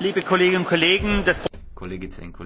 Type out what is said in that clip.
liebe kolleginnen und kollegen das problem ist